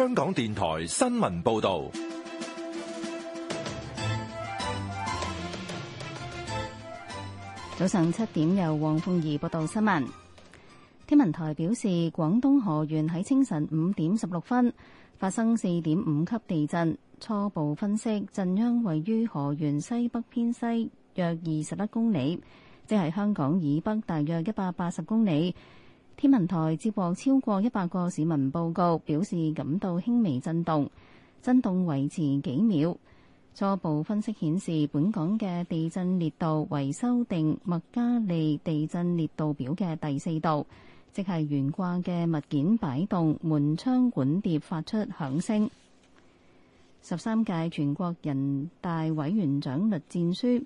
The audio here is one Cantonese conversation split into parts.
香港電台新聞報道，早上七點由黃鳳儀報道新聞。天文台表示，廣東河源喺清晨五點十六分發生四點五級地震，初步分析震央位於河源西北偏西約二十一公里，即係香港以北大約一百八十公里。天文台接獲超過一百個市民報告，表示感到輕微震動，震動維持幾秒。初步分析顯示，本港嘅地震烈度為修訂麥加利地震烈度表嘅第四度，即係懸掛嘅物件擺動、門窗管碟發出響聲。十三屆全國人大委員長栗戰書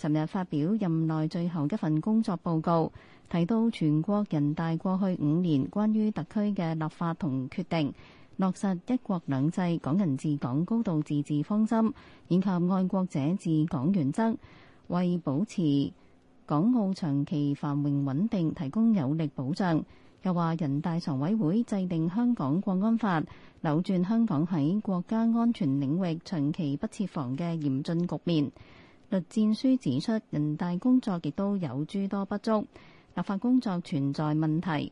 尋日發表任內最後一份工作報告。提到全國人大過去五年關於特區嘅立法同決定，落實一國兩制、港人治港、高度自治方針以及愛國者治港原則，為保持港澳長期繁榮穩定提供有力保障。又話人大常委會制定《香港國安法》，扭轉香港喺國家安全領域長期不設防嘅嚴峻局面。栗戰書指出，人大工作亦都有諸多不足。立法工作存在問題，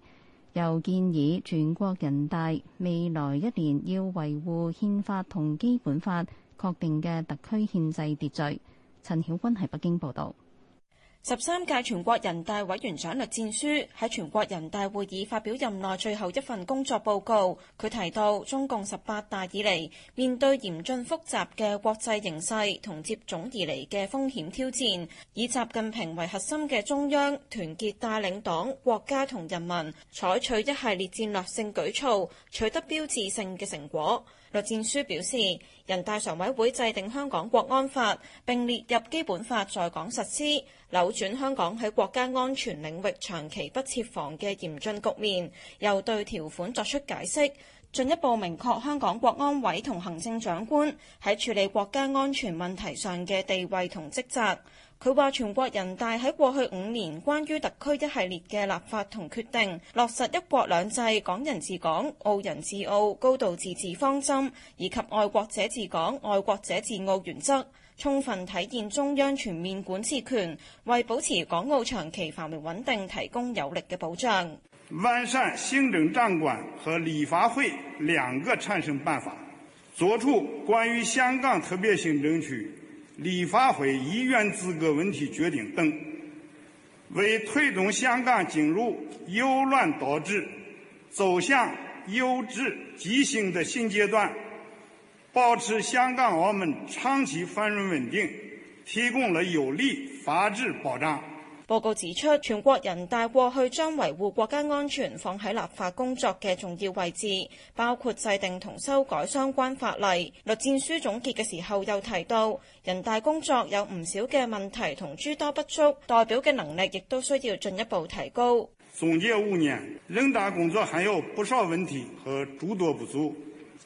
又建議全國人大未來一年要維護憲法同基本法確定嘅特區憲制秩序。陳曉君喺北京報道。十三屆全國人大委員長栗戰書喺全國人大會議發表任內最後一份工作報告。佢提到，中共十八大以嚟，面對嚴峻複雜嘅國際形勢同接踵而嚟嘅風險挑戰，以習近平為核心嘅中央團結帶領黨、國家同人民，採取一系列戰略性舉措，取得標誌性嘅成果。栗戰書表示，人大常委會制定香港國安法並列入基本法，在港實施。扭轉香港喺國家安全領域長期不設防嘅嚴峻局面，又對條款作出解釋，進一步明確香港國安委同行政長官喺處理國家安全問題上嘅地位同職責。佢話：全國人大喺過去五年關於特區一系列嘅立法同決定，落實一國兩制、港人治港、澳人治澳、高度自治方針，以及愛國者治港、愛國者治澳原則。充分體現中央全面管治權，為保持港澳長期繁榮穩定提供有力的保障。完善行政長官和立法會兩個產生辦法，作出關於香港特別行政區立法會議員資格問題決定等，為推動香港進入由亂到治、走向優質畸形的新階段。保持香港澳門長期繁榮穩定，提供了有力法治保障。報告指出，全國人大過去將維護國家安全放喺立法工作嘅重要位置，包括制定同修改相關法例。栗戰書總結嘅時候又提到，人大工作有唔少嘅問題同諸多不足，代表嘅能力亦都需要進一步提高。總結五年人大工作還有不少問題和諸多不足。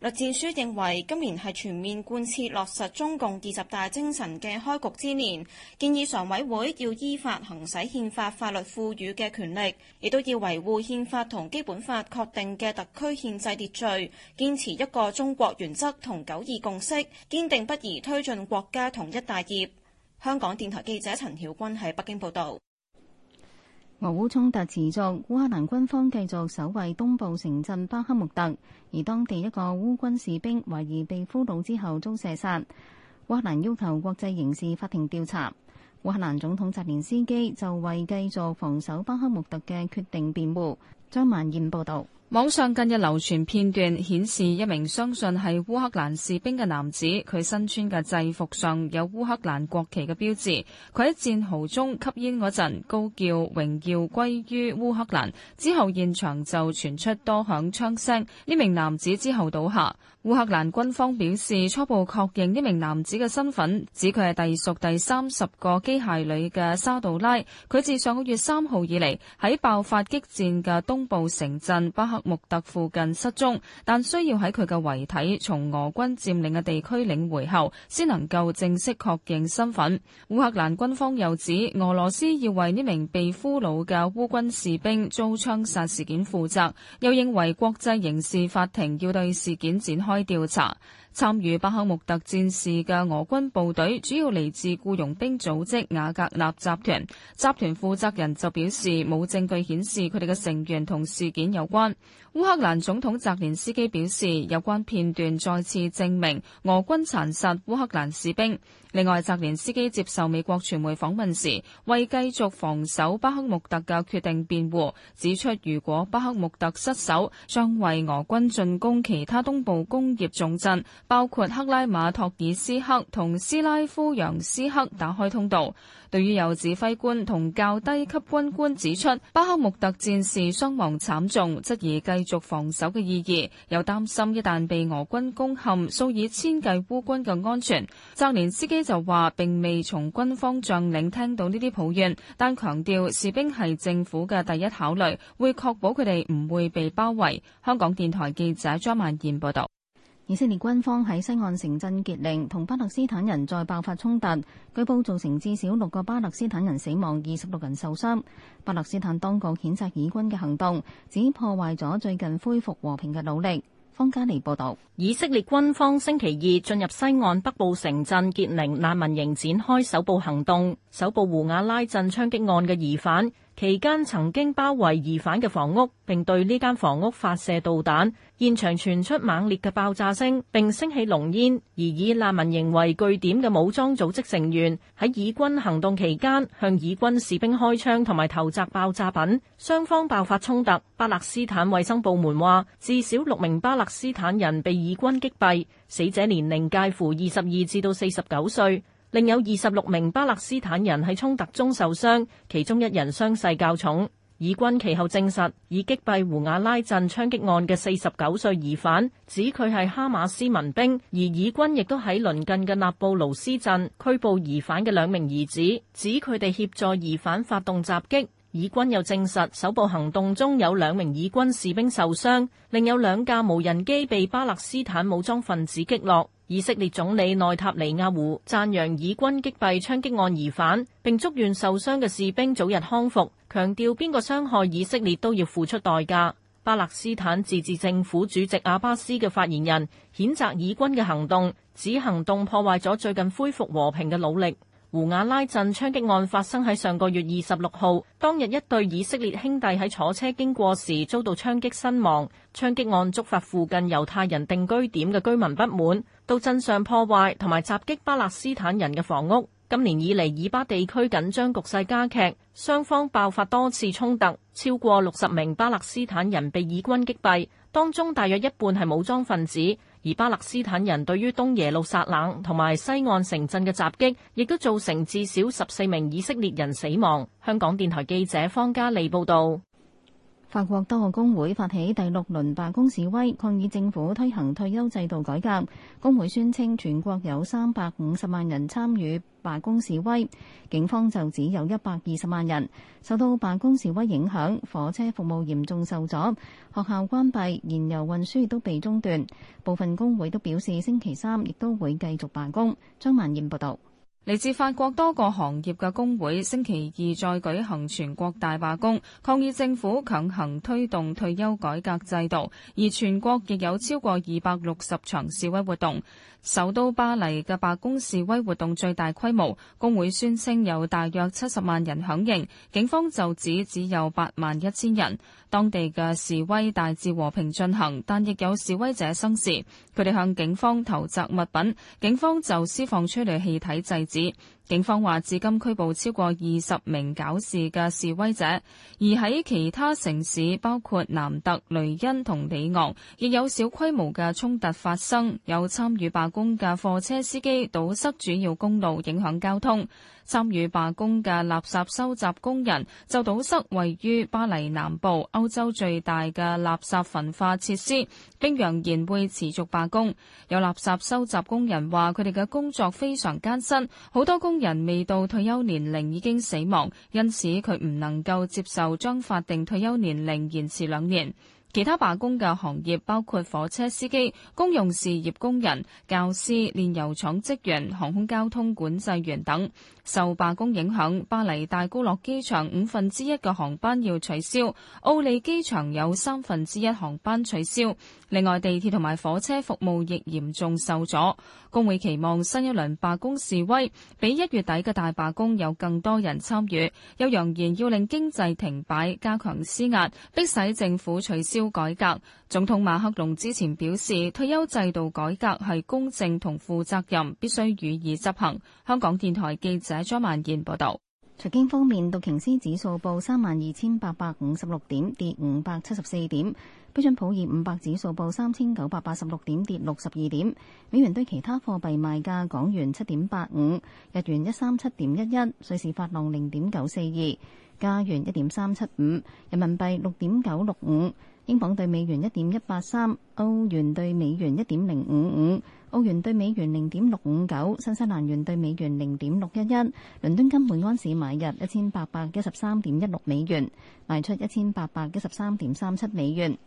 栗戰書認為，今年係全面貫徹落實中共二十大精神嘅開局之年，建議常委會要依法行使憲法法律賦予嘅權力，亦都要維護憲法同基本法確定嘅特區憲制秩序，堅持一個中國原則同九二共識，堅定不移推進國家統一大業。香港電台記者陳曉君喺北京報道。俄烏衝突持續，烏克蘭軍方繼續守衛東部城鎮巴克穆特，而當地一個烏軍士兵懷疑被俘虜之後遭射殺，烏克蘭要求國際刑事法庭調查。烏克蘭總統澤連斯基就為繼續防守巴克穆特嘅決定辯護。張萬燕報道。網上近日流傳片段顯示，一名相信係烏克蘭士兵嘅男子，佢身穿嘅制服上有烏克蘭國旗嘅標誌，佢喺戰壕中吸煙嗰陣，高叫榮耀歸於烏克蘭，之後現場就傳出多響槍聲，呢名男子之後倒下。烏克蘭軍方表示，初步確認呢名男子嘅身份，指佢係隸屬第三十個機械女嘅沙杜拉。佢自上個月三號以嚟喺爆發激戰嘅東部城鎮巴克穆特附近失蹤，但需要喺佢嘅遺體從俄軍佔領嘅地區領回後，先能夠正式確認身份。烏克蘭軍方又指俄羅斯要為呢名被俘虜嘅烏軍士兵遭槍殺事件負責，又認為國際刑事法庭要對事件展開。調查參與巴克穆特戰事嘅俄軍部隊，主要嚟自僱傭兵組織瓦格納集團。集團負責人就表示，冇證據顯示佢哋嘅成員同事件有關。烏克蘭總統澤連斯基表示，有關片段再次證明俄軍殘殺烏克蘭士兵。另外，澤連斯基接受美國傳媒訪問時，為繼續防守巴克穆特嘅決定辯護，指出如果巴克穆特失守，將為俄軍進攻其他東部工業重鎮包括克拉馬托爾斯克同斯拉夫揚斯克，打開通道。對於有指揮官同較低級軍官指出，巴克穆特戰士傷亡慘重，質疑繼續防守嘅意義，又擔心一旦被俄軍攻陷，數以千計烏軍嘅安全。澤連斯基就話並未從軍方將領聽到呢啲抱怨，但強調士兵係政府嘅第一考慮，會確保佢哋唔會被包圍。香港電台記者張曼燕報道。以色列軍方喺西岸城鎮傑寧同巴勒斯坦人再爆發衝突，據報造成至少六個巴勒斯坦人死亡，二十六人受傷。巴勒斯坦當局譴責以軍嘅行動，指破壞咗最近恢復和平嘅努力。方家妮報道，以色列軍方星期二進入西岸北部城鎮傑寧難民營，展開首部行動，搜捕胡瓦拉鎮槍擊案嘅疑犯。期間曾經包圍疑犯嘅房屋，並對呢間房屋發射導彈，現場傳出猛烈嘅爆炸聲，並升起濃煙。而以難民營為據點嘅武裝組織成員喺以軍行動期間向以軍士兵開槍同埋投擲爆炸品，雙方爆發衝突。巴勒斯坦衛生部門話，至少六名巴勒斯坦人被以軍擊斃，死者年齡介乎二十二至到四十九歲。另有二十六名巴勒斯坦人喺衝突中受傷，其中一人傷勢較重。以軍其後證實已擊斃胡亞拉鎮槍擊案嘅四十九歲疑犯，指佢係哈馬斯民兵。而以軍亦都喺鄰近嘅納布盧斯鎮拘捕疑犯嘅兩名兒子，指佢哋協助疑犯發動襲擊。以軍又證實，首部行動中有兩名以軍士兵受傷，另有兩架無人機被巴勒斯坦武裝分子擊落。以色列總理內塔尼亞胡讚揚以軍擊斃槍擊案疑犯，並祝願受傷嘅士兵早日康復，強調邊個傷害以色列都要付出代價。巴勒斯坦自治政府主席阿巴斯嘅發言人譴責以軍嘅行動，指行動破壞咗最近恢復和平嘅努力。胡瓦拉鎮槍擊案發生喺上個月二十六號，當日一對以色列兄弟喺坐車經過時遭到槍擊身亡。槍擊案觸發附近猶太人定居點嘅居民不滿，到鎮上破壞，同埋襲擊巴勒斯坦人嘅房屋。今年以嚟以巴地區緊張局勢加劇，雙方爆發多次衝突，超過六十名巴勒斯坦人被以軍擊斃，當中大約一半係武裝分子。而巴勒斯坦人對於東耶路撒冷同埋西岸城鎮嘅襲擊，亦都造成至少十四名以色列人死亡。香港電台記者方嘉利報導。法國多個工會發起第六輪罷工示威，抗議政府推行退休制度改革。工會宣稱全國有三百五十萬人參與罷工示威，警方就只有一百二十萬人受到罷工示威影響。火車服務嚴重受阻，學校關閉，燃油運輸亦都被中斷。部分工會都表示星期三亦都會繼續罷工。張萬燕報道。嚟自法國多個行業嘅工會星期二再舉行全國大罷工，抗議政府強行推動退休改革制度。而全國亦有超過二百六十場示威活動。首都巴黎嘅罷工示威活動最大規模，工會宣稱有大約七十萬人響應，警方就指只有八萬一千人。當地嘅示威大致和平進行，但亦有示威者生事，佢哋向警方投擲物品，警方就施放催淚氣體制止。警方話，至今拘捕超過二十名搞事嘅示威者，而喺其他城市，包括南特、雷恩同里昂，亦有小規模嘅衝突發生，有參與罷工嘅貨車司機堵塞主要公路，影響交通。參與罷工嘅垃圾收集工人就堵塞位於巴黎南部歐洲最大嘅垃圾焚化設施，並揚言會持續罷工。有垃圾收集工人話：佢哋嘅工作非常艱辛，好多工人未到退休年齡已經死亡，因此佢唔能夠接受將法定退休年齡延遲兩年。其他罷工嘅行業包括火車司機、公用事業工人、教師、煉油廠職員、航空交通管制員等。受罷工影響，巴黎戴高樂機場五分之一嘅航班要取消，奧利機場有三分之一航班取消。另外，地鐵同埋火車服務亦嚴重受阻。工會期望新一輪罷工示威比一月底嘅大罷工有更多人參與，又揚言要令經濟停擺，加強施壓，迫使政府取消改革。總統馬克龍之前表示，退休制度改革係公正同負責任，必須予以以執行。香港電台記者。張曼燕報道：財經方面，道瓊斯指數報三萬二千八百五十六點，跌五百七十四點；標準普爾五百指數報三千九百八十六點，跌六十二點。美元兌其他貨幣賣價：港元七點八五，日元一三七點一一，瑞士法郎零點九四二。加元一點三七五，75，人民幣六點九六五，英鎊對美元一點一八三，歐元對美元一點零五五，澳元對美元零點六五九，新西蘭元對美元零點六一一。倫敦金每盎司買入一千八百一十三點一六美元，賣出一千八百一十三點三七美元。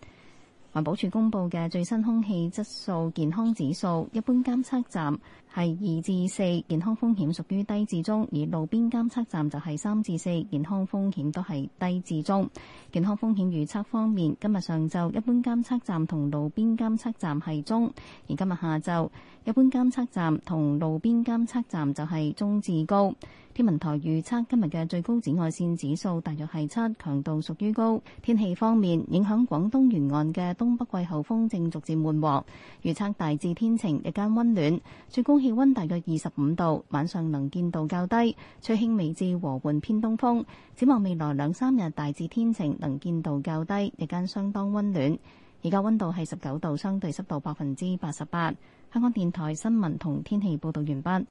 環保署公布嘅最新空氣質素健康指數，一般監測站係二至四，健康風險屬於低至中；而路邊監測站就係三至四，健康風險都係低至中。健康風險預測方面，今日上晝一般監測站同路邊監測站係中，而今日下晝一般監測站同路邊監測站就係中至高。天文台預測今日嘅最高紫外線指數大約係七，強度屬於高。天氣方面，影響廣東沿岸嘅東北季候風正逐漸緩和，預測大致天晴，日間温暖，最高氣温大約二十五度，晚上能見度較低，吹輕微至和緩偏東風。展望未來兩三日，大致天晴，能見度較低，日間相當温暖。而家温度係十九度，相對濕度百分之八十八。香港電台新聞同天氣報導完畢。